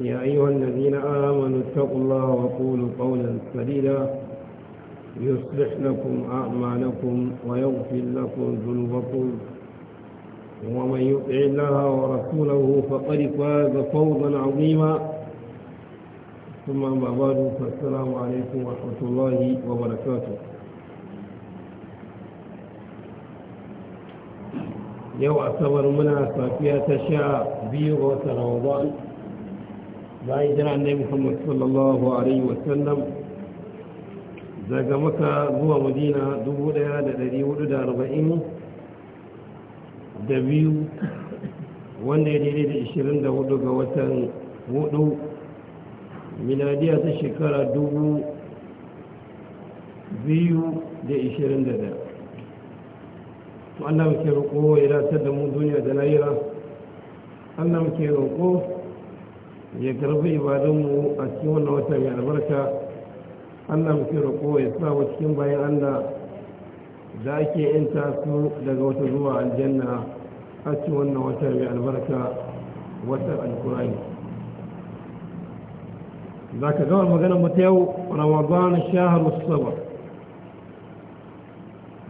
يا أيها الذين آمنوا اتقوا الله وقولوا قولا سديدا يصلح لكم أعمالكم ويغفر لكم ذنوبكم ومن يطع الله ورسوله فقد فاز فوضا عظيما ثم أما بعد فالسلام عليكم ورحمة الله وبركاته يوم أعتبر منها صافية شاء بيغ رمضان bayan jira ne muhammad sallallahu alaihi wasallam daga maka zuwa madina 1440 da biyu wanda ya daidai da 24 ga watan 4 miladiya ta shekara 2021 Allah muke roƙo ya datar da mu duniya da lahira Allah muke roƙo ya karbi ibadunmu a cikin wannan wata mai albarka allah mafi roƙo ya sa wa cikin bayan allah da ake yin tasu daga wata zuwa aljanna a cikin wannan wata mai albarka wata alkurani za ka gawar magana mata yau ramadan shahar musamman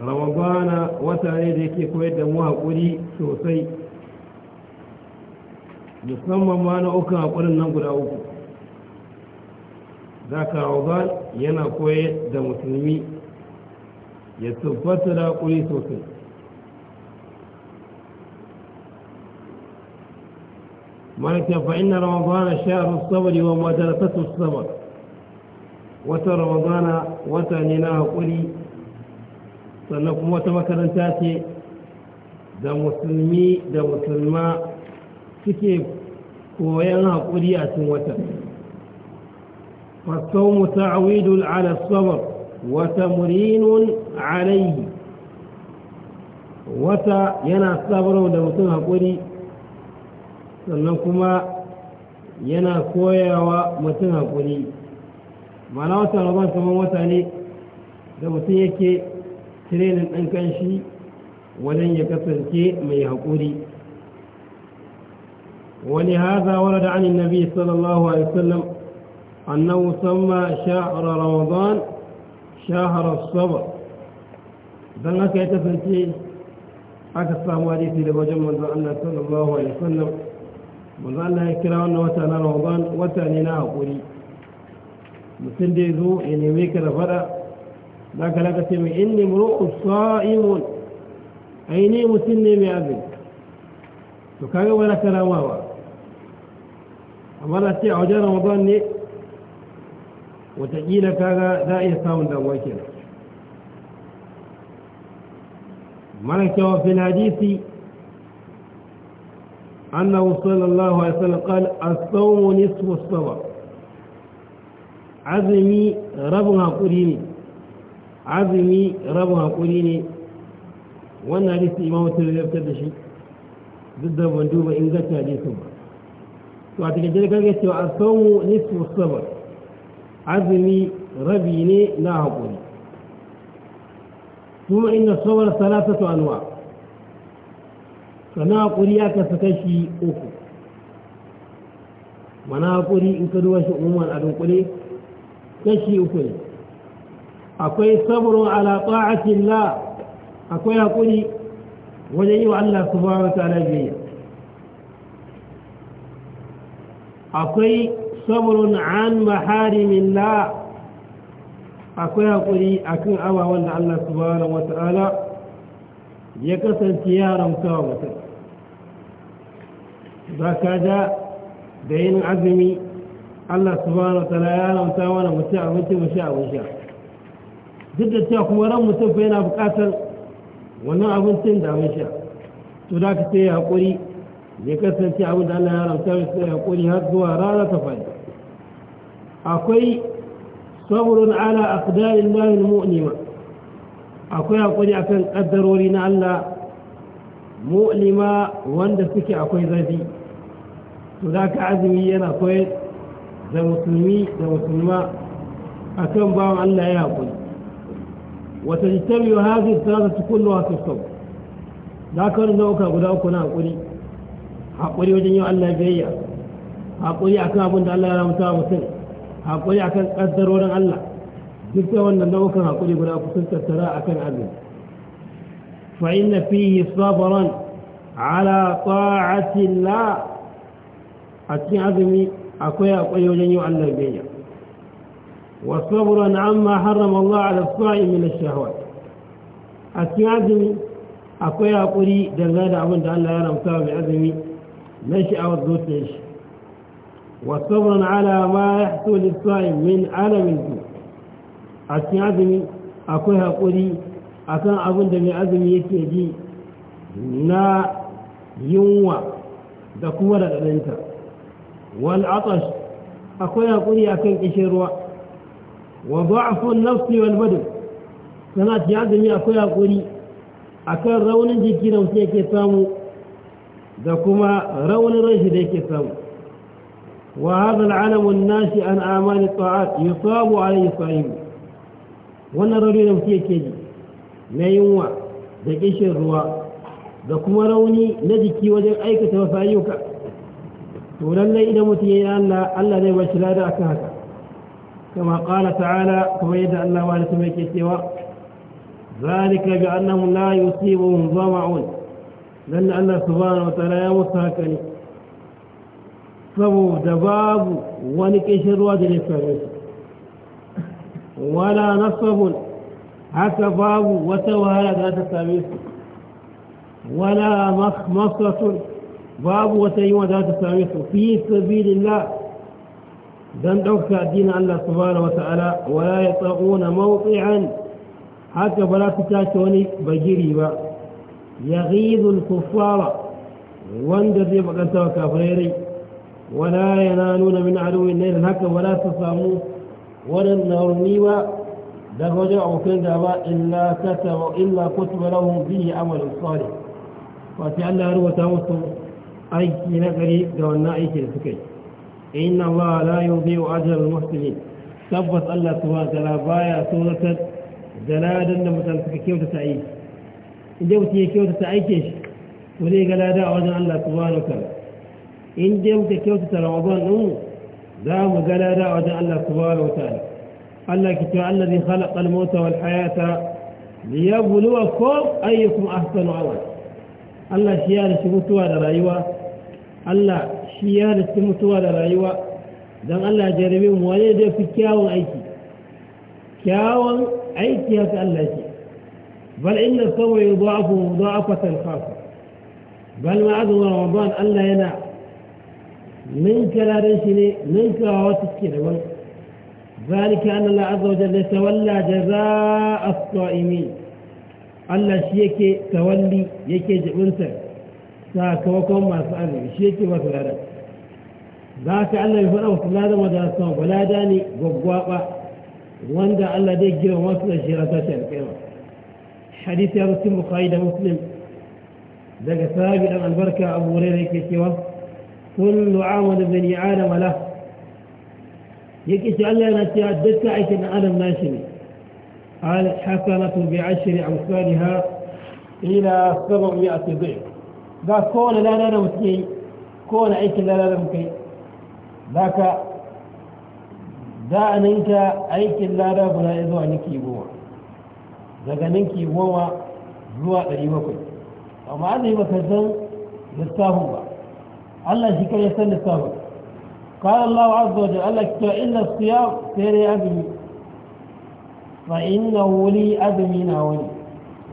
ramadana wata ne da yake koyar da mu haƙuri sosai musamman ma na uku haƙurin nan guda uku za ka yana koye da musulmi ya tuffata da haƙuri sosai malaka fa'in inna ramadana sha'ar sabari wa madarasatu sabar wata ramadana wata ne na haƙuri sannan kuma wata makaranta ce da musulmi da musulma suke Koyan hakuri a cikin wata fasau awidul ala sabar wata murinun alayhi wata yana sabarwa da mutum haƙuri sannan kuma yana koyawa mutum haƙuri mana wata ruban kamar wata ne da mutum yake tirenin ɗan kanshi wajen ya kasance mai haƙuri ولهذا ورد عن النبي صلى الله عليه وسلم أنه سمى شهر رمضان شهر الصبر ذلك يتفنتي حتى الصحب وديثي لبجم من ذلك صلى الله عليه وسلم من ذلك يكره أنه وتعنى رمضان وتعنينا أقولي مثل دي ذو إن يعني يميك رفرة ذاك لك تمي إني مرؤ صائم أيني مسنني أبي تكاوي ولا كلام amma ce a wajen ramadan ne watakila kaga za a iya samun damuwa kenan mana cewa fil hadisi annahu sallallahu alaihi wasallam qala as-sawmu nisfu as-sabr azumi rabin hakuri ne azumi rabin hakuri ne wannan hadisi imamu tirmidhi ya fitar da shi duk da ban duba ingancin hadisin ba wata gajiyar karga cewa a sauwo nisfu sabar azumi rabi ne na haƙuri kuma inda sabar salatatu anwa sana haƙuri ya kasa kashi uku mana haƙuri in ka duba shi umar a dunkule kashi uku ne akwai sabrun ala ta'atillah akwai haƙuri wajen yi wa Allah subhanahu wa ta'ala biyayya akwai sabrun an maharimillah akwai haƙuri akan abawan da Allah subhanahu wata'ala ya kasance ya ramta wa mutum za ka da da yin azumi Allah subhanahu wata'ala ya ranta wani mutum abinci mu sha abin sha duk da cewa kuma ran mutum fa yana buƙatar wannan abincin da abin sha to da ka ce haƙuri ya kasance abin da Allah ya haramta mai sai haƙuri har zuwa rana ta fadi akwai sabrun ala aqdarin lahil mu'lima akwai haƙuri akan ƙaddarori na Allah mu'lima wanda suke akwai zafi to da ka azumi yana koyar da musulmi da musulma akan bawan Allah ya haƙuri wata jitabi wa hazi tsara su kullu wasu sau da aka wani nau'uka guda uku na haƙuri haƙuri wajen yau Allah biyayya haƙuri akan abin da Allah ya ramuta mutum haƙuri akan ƙaddarorin Allah duk da wannan nau'ukan haƙuri guda kusan tattara akan azumi fa inna fihi sabran ala ta'ati Allah a cikin azumi akwai haƙuri wajen yau Allah biyayya wa sabran amma harrama Allah ala sa'i min ash-shahawat a cikin azumi akwai haƙuri dangane da abin da Allah ya ramuta mai azumi na sha'awar zuciyar shi wasabran ala ma ya hito lissa'in min alamin su a cikin azumi akwai haƙuri akan abin da mai azumi ji na yunwa da kuma da ɗaɗinta wal atash akwai haƙuri akan ƙishin ruwa wa ba'afun nafsi wal akwai haƙuri akan raunin jiki da mutum yake samu da kuma raunin rashi da yake samu wa hada al'alamun nashi an amali ta'at yusabu alayhi sa'im wannan rauni da muke ke ji na yunwa da kishin ruwa da kuma rauni na jiki wajen aikata wasu ayyuka to lallai idan mutum yayi Allah Allah zai bashi lada akan haka kama qala ta'ala kuma yadda Allah wa ta'ala yake cewa zalika bi annahum la yusibuhum dhama'un لأن الله سبحانه وتعالى يمسها كلي سبو دباب ونكشر وادل السابس ولا نصب حتى باب وتوهل ذات السابس ولا مخمصة باب وتيوى ذات السابس في سبيل الله ذنبك دين الله سبحانه وتعالى ولا يطعون موقعا حتى بلا تتاكوني بجري يغيظ الكفار واندر يبقى انتوى كافريري ولا ينالون من عدو النيل الهكا ولا تصاموا ولا النورنيوى لغجع كن دعوى إلا كتب إلا كتب لهم به عمل صالح فتعال الله روى تاوصوا أي نقري دعونا أي شيء إن الله لا يضيء أجر المحسنين تبث الله سبحانه وتعالى بايا سورة دلالة نمتلسك كيف inda mutum ya kyauta ta aike shi to zai ga lada a wajen Allah subhanahu wa in dai muka kyauta ta ramadan din za mu ga lada a wajen Allah subhanahu wa ta'ala Allah ki ta Allah zai khalaqa al-mauta wal hayata liyabluwakum ayyukum ahsanu amala Allah shi ya rishi mutuwa da rayuwa Allah shi ya rishi mutuwa da rayuwa don Allah jarabe mu wani da fi kyawun aiki kyawun aiki haka Allah ce بل إن الصوم يضاعف مضاعفة خاصة بل ما عدو رمضان ألا ينع من لا رنشني منك وواتكين ذلك أن الله عز وجل يتولى جزاء الصائمين ألا شيكي تولي يكي جعونت ساك وكم ما سألني شيك وثلالة ذاك ألا يفرع وصلاة مدى الصوم ولا داني بقواقع وانجا ألا ديك جيرا وصل الشيرة تشارك حديث يا مسلم بخاري مسلم ذاك ثابت عن البركة أبو هريرة كيسوا كل عامل بني آدم له يكيش الله نتيا دك عيشنا آدم ناشي قال حسنة بعشر أمثالها إلى سبعمائة ضعف ذا كون لا لا مسكين كون عيش لا لا نمسكي ذاك ذا أنك عيش لا لا بلا إذو عنك يبوه daga ninki goma zuwa ɗari bakwai amma an yi maka san lissafin ba allah shi kai ya san lissafin kan allahu azza allah ki illa siyam sai dai azumi fa wuli azumi na wani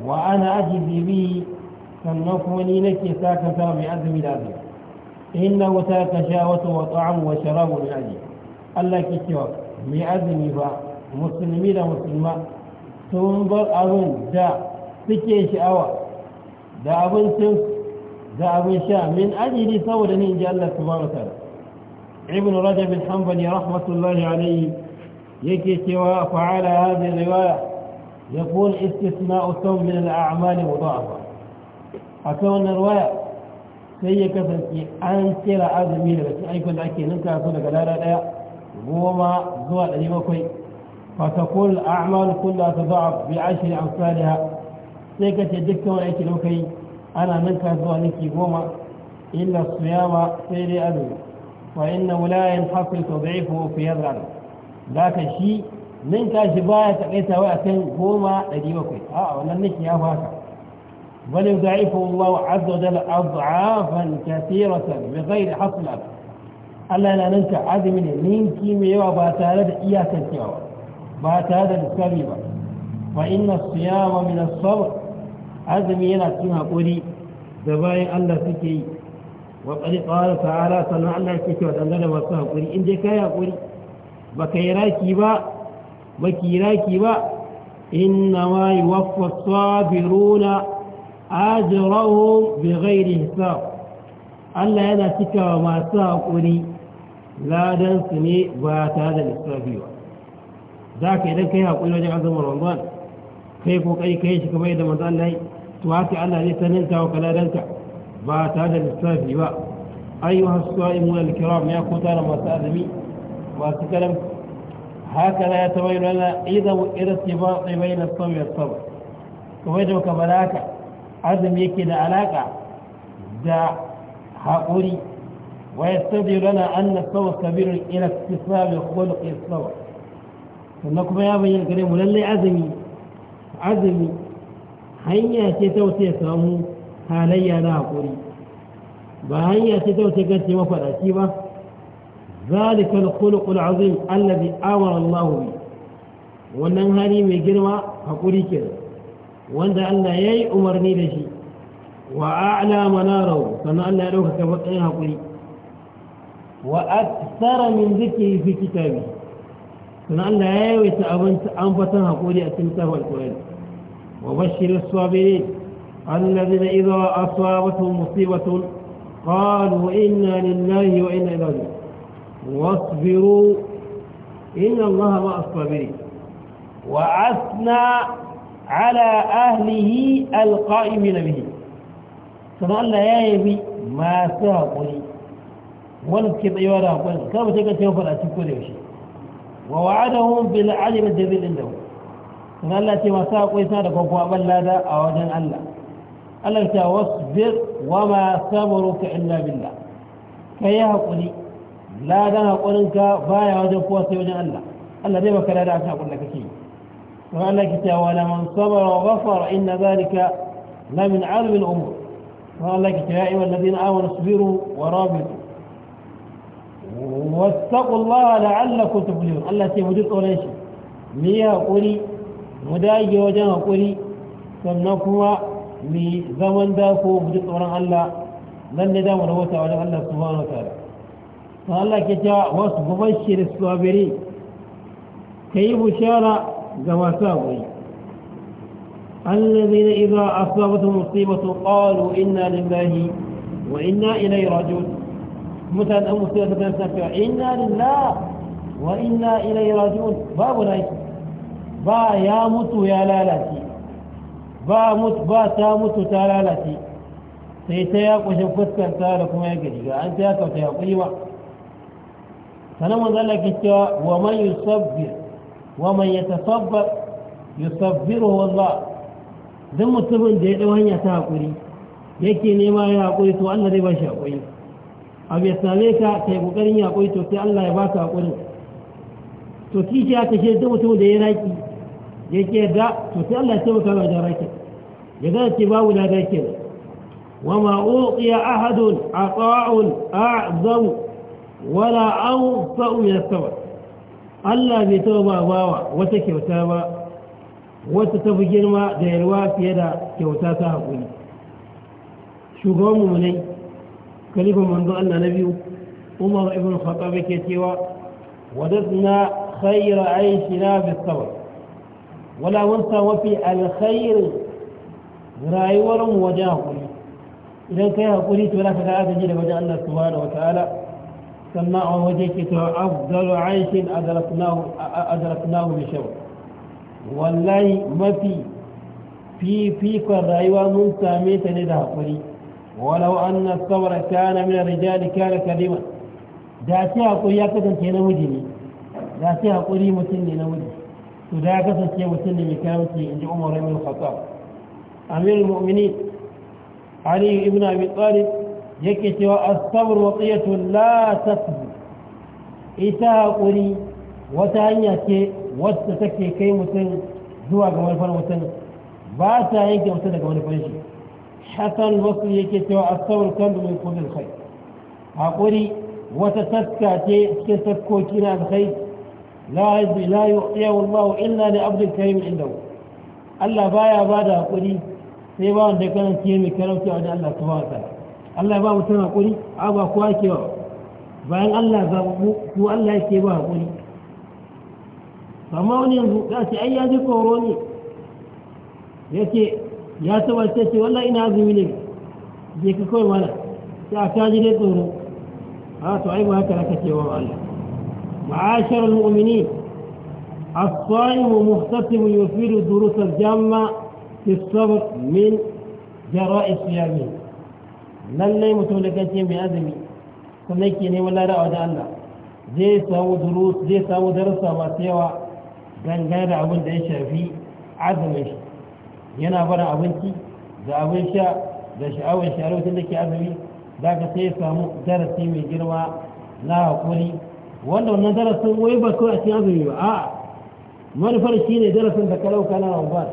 wa ana aji bibi sannan kuma ni nake sa ka sa mai azumi da azumi inna wuta ka sha wata wa ta'am wa sharabu da aji allah ki cewa mai azumi ba musulmi da musulma sun bar abin da suke sha'awa da abincin da abin sha min ajili saboda ni ji Allah subhanahu ta'ala ibn rajab bin hanbali rahmatullahi alayhi yake cewa fa'ala hadhihi riwaya يقول استثناء الصوم من الأعمال مضاعفة أكون waya sai ya kasance an kira azumi daga cikin aikin da ake ninka su daga lada daya goma zuwa ɗari bakwai فتكون الأعمال كلها تضاعف بعشر أمثالها سيكت يدك وليك لوكي أنا منك أزوى نكي قوما إلا الصيام سيري أذن وإنه لا ينحصر تضعيفه في الامر ذاك الشيء منك شباية تقيت وقتين قوما لديوكي آه ولا نكي يا فاكا بل يضعفه الله عز وجل أضعافا كثيرة بغير حصل ألا لا ننسى عدم من منك ميوى باتالة إياك الكيوى ba tare da dukkani ba wa inna siyama min sabr azumi yana cin hakuri da bayan Allah suke yi wa qad qala ta'ala sannan Allah yake cewa dan da masu hakuri in kai hakuri ba kai raki ba baki ki raki ba inna ma yuwaffa as-sabiruna ajrahum bighairi hisab Allah yana cikawa masu hakuri ladan su ne ba tare da lissafi ba za ka idan kai haƙuri wajen azumin ramadan kai kokari kai shi kamar yadda manzo Allah yi to haka Allah zai saninka wa kaladanka ba ta da lissafi ba ayyuha as-sa'imun al-kiram ya kuta da masu azumi masu karam haka la yatabayyana lana idamu irtibat bayna as-sawm was-sabr kamar yadda muka baraka azumi yake da alaka da haƙuri ويستدل لنا أن الصبر سبيل إلى اكتساب خلق الصبر sannan kuma ya bayyana gare mu lallai azumi azumi hanya ce ta wuce samu halayya na hakuri ba hanya ce ta wuce gance mafaɗaci ba ذلك الخلق العظيم الذي امر الله bi wannan hali mai girma hakuri ke wanda Allah ya yi umarni da shi wa a'la manarau sannan Allah ya ɗaukaka matsayin hakuri wa aksara min zikiri fi kitabi sannan Allah ya yawaita abinci an fatan haƙuri a cikin tafar ƙwari wa bashirin swabiri allazi na izo a swabatun musibatun ƙalu inna lillahi wa inna ilazi wasbiru inna Allah ma aswabiri wa asna ala ahlihi alƙa'imi na bihi sannan Allah ya yabi masu haƙuri wanda suke tsayewa da haƙuri kama ce ka ce mafaɗa cikin kodayaushe ووعدهم بالعلم الجزيل عنده إن الله تما ساق ويساد كوكو أبل أوجن الله الله واصبر وما صبرك إلا بالله كي يهقني لا دنا قولنك بايا وجن قوة وجن الله الله دي بكرا لا أقول لك شيء وقال لك تا ولمن صبر وغفر إن ذلك لمن علم الأمور وقال لك يا أيها الذين آمنوا اصبروا ورابطوا واتقوا الله لعلكم تفلحون الله سي مجد قريش مي هقولي مداجي وجه هقولي سنكوا مي زمن داكو مجد قران الله لن ندام روتا وجه الله سبحانه وتعالى فالله كتا وست مبشر الصابري كي بشارة جواساوي الذين إذا أصابتهم مصيبة قالوا إنا لله وإنا إليه راجعون mutane an musu da kansa cewa inna lillah wa inna ilaihi raji'un babu naki ba ya mutu ya lalace ba mutu ba ta mutu ta lalace sai ta ya kushe fuskanta da kuma ya gariga an ta ya kauta ya kuiwa sanan mun zalla ke cewa wa man yusabbir wa man yatasabbar yusabbiru wallah duk mutumin da ya dau hanya ta hakuri yake nema ya hakuri to Allah zai ba shi hakuri abu ya same ka ka yi ƙoƙarin yaƙuri to sai Allah ya ba ka haƙuri to kishi ya kashe zama mutum da ya raki ya ke yarda to sai Allah ya ce maka wajen rakin ya zara ce babu na rakin wa ya ahadun a ƙa'un a zamu wala an sa'u ya sawa Allah bai taɓa ba bawa wata kyauta ba wata tafi girma da yalwa fiye da kyauta ta haƙuri shugaban mu ne كلمه من ان نبي عمر ابن الخطاب كتيوا وددنا خير عيشنا بالصبر ولا وانت وفي الخير رأي ورم وجاه إذا كان قلت ولا فتاة جيدة وجاء الله سبحانه وتعالى سماع وجهك أفضل عيش أدركناه أدركناه بشوق والله ما في في فيك الرأي ومن سامية لدى قلت ولو أن الثور كان من الرجال كان كريما da sai haƙuri ya kasance namiji ne da sai hakuri mutum ne namiji su da ya kasance mutum ne mai karamci in ji umar ibn khattab amir mu'minin ali ibn abi talib yake cewa as-sabr waqiyatu la tasbu ita haƙuri wata hanya ce wacce take kai mutum zuwa ga manufar mutum ba ta yanke mutum daga manufar shi hasan wasu yake cewa a kan da mai kudin kai haƙuri wata taska ce cikin taskoki na kai la yi la yi illa da abdul karim inda Allah baya ba da haƙuri sai ba wanda kana ce mai karamci wajen Allah ta ba ta Allah ba mutum haƙuri a ba kowa ke ba bayan Allah zaɓu ko Allah yake ba haƙuri amma wani yanzu ka ce ai ya ji tsoro ne yake ya taba sai ce wallah ina azumi ne je ka kawai mana sai a kaji ne tsoro a to ai ba haka aka ce wa Allah ma'ashar al-mu'mini الصائم مختصم يفيد الدروس الجامة في الصبر من جراء صيامه lallai mutum da kace mai azumi sannan ke neman lada wajen Allah zai samu darasa masu yawa dangane da abin da ya shafi azumin shi yana bara abinci da abin sha da sha'awar shahararwacin da ke azumi za ka sai samu darasi mai girma na haƙuri wanda wannan darasin wai ba kawai a cikin azumi ba a manufar shi ne darasin da kalauka na rambar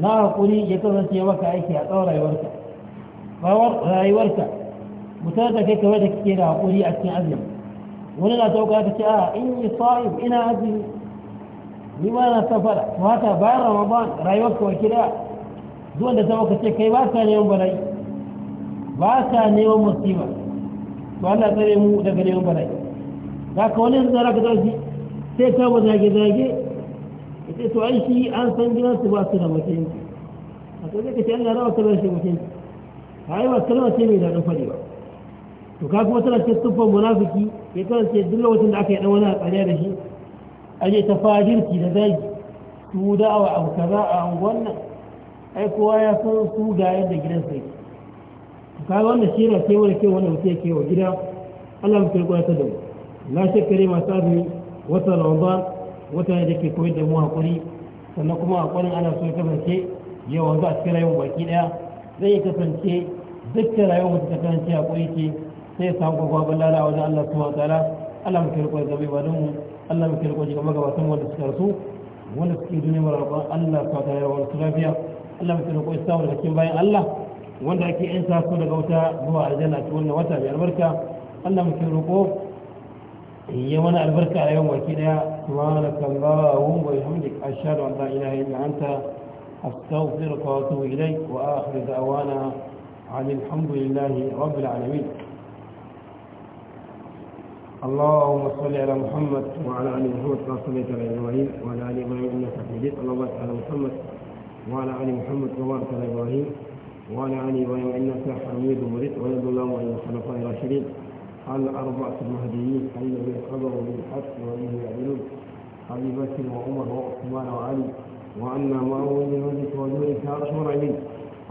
na haƙuri ya kasance maka aiki a tsawon rayuwarka tsawon rayuwarka mutum da kai kawai da kake da haƙuri a cikin azumi wani na sauka ta ce a in yi sa'ib ina azumi ni ma na safara to haka bayan ramadan rayuwar ka wakila zuwan da sama ka ce kai ba ka neman bala'i ba ka neman musiba to Allah tsare mu daga neman bala'i za ka wani yanzu zara ka tashi sai ka ba zage-zage ya ce to ai shi an san su ba su da mutum a to zai ka ce Allah rawa kalmar shi mutum a yi ba kalmar ce mai daɗin faɗi ba to ka kuma tana ce tuffan munafiki ya kasance duk lokacin da aka yi ɗan wani a tsariya da shi aje ta fadirki da zagi su da'awa abu kaza a wannan ai kowa ya san su ga yadda gidan sai ga wannan shi ne sai wani kewa wanda mutum kewa wa gida Allah mutum kwaya ta dama. Na shekare masu azumi wata lamba wata ne da ke koyar da mu hakuri sannan kuma hakurin ana so ya kasance yau wanzu a cikin rayuwar baki daya zai kasance dukkan rayuwar mutum ta kasance hakuri ce sai ya samu kwakwabin lalawa wajen Allah su wa ta'ala Allah mutum ya ba da mu الله مكلك وجهك مغرا ونسكرت ونسكي الدنيا والارض الله فاتها والصغافيا الله مكلك ويستاور لكن باين الله وانك انت كل غوتا هو اجل تقول وتا بالبركه الله مكلك هي وانا البركه يوم وكذا سبحانك اللهم وبحمدك اشهد ان لا اله الا انت استغفرك واتوب اليك واخر دعوانا عن الحمد لله رب العالمين اللهم صل على محمد وعلى ال محمد كما صليت على ابراهيم وعلى ال ابراهيم انك حميد اللهم صل على محمد وعلى ال محمد كما صليت على ابراهيم وعلى ال ابراهيم انك حميد مجيد ويد الله الى الخلفاء الراشدين الاربعه المهديين الذين قضوا بالحق وبه يعدلون ابي بكر وعمر وعثمان وعلي وعنا معه بمجدك وجودك يا ارحم الراحمين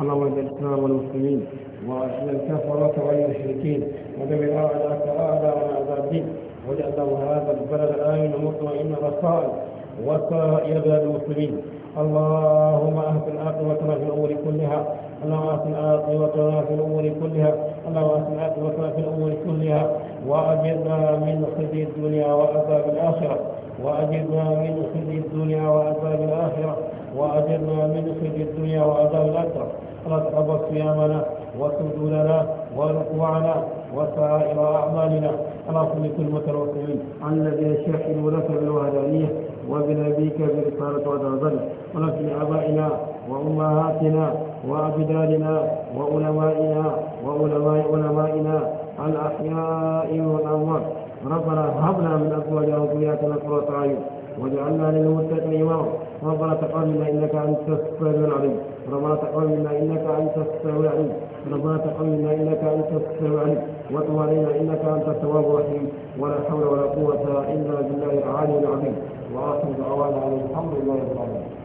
اللهم اعز الاسلام والمسلمين واذل الكفره والمشركين ودمر على اعداءنا اعداء الدين وجعل هذا البلد امنا مطمئنا رخاء وسائر بلاد المسلمين اللهم احسن عاقبتنا في الامور كلها اللهم احسن عاقبتنا في الامور كلها اللهم احسن عاقبتنا في الامور كلها واجرنا من خزي الدنيا وعذاب الاخره واجرنا من خزي الدنيا وعذاب الاخره واجرنا من خزي الدنيا وعذاب الاخره رتب صيامنا وسجودنا وركوعنا وسائر أعمالنا على كل كلمة المسلمين الذي يشهد لك بالوحدانية وبنبيك برسالة وتنزل ولكن آبائنا وأمهاتنا وأجدادنا وعلمائنا وعلماء علمائنا الأحياء والأموات ربنا هب لنا من أزواجنا وذرياتنا قرة أعين وجعلنا للمتقين إماما ربنا تقبل إنك أنت السميع العليم ربنا تقبل إنك أنت السميع العليم ربنا تقبل إنك أنت السميع العليم وتب علينا إنك أنت التواب الرحيم ولا حول ولا قوة إلا بالله العلي العظيم وآخر دعوانا أن الحمد لله رب العالمين